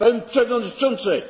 Pan Przewodniczący!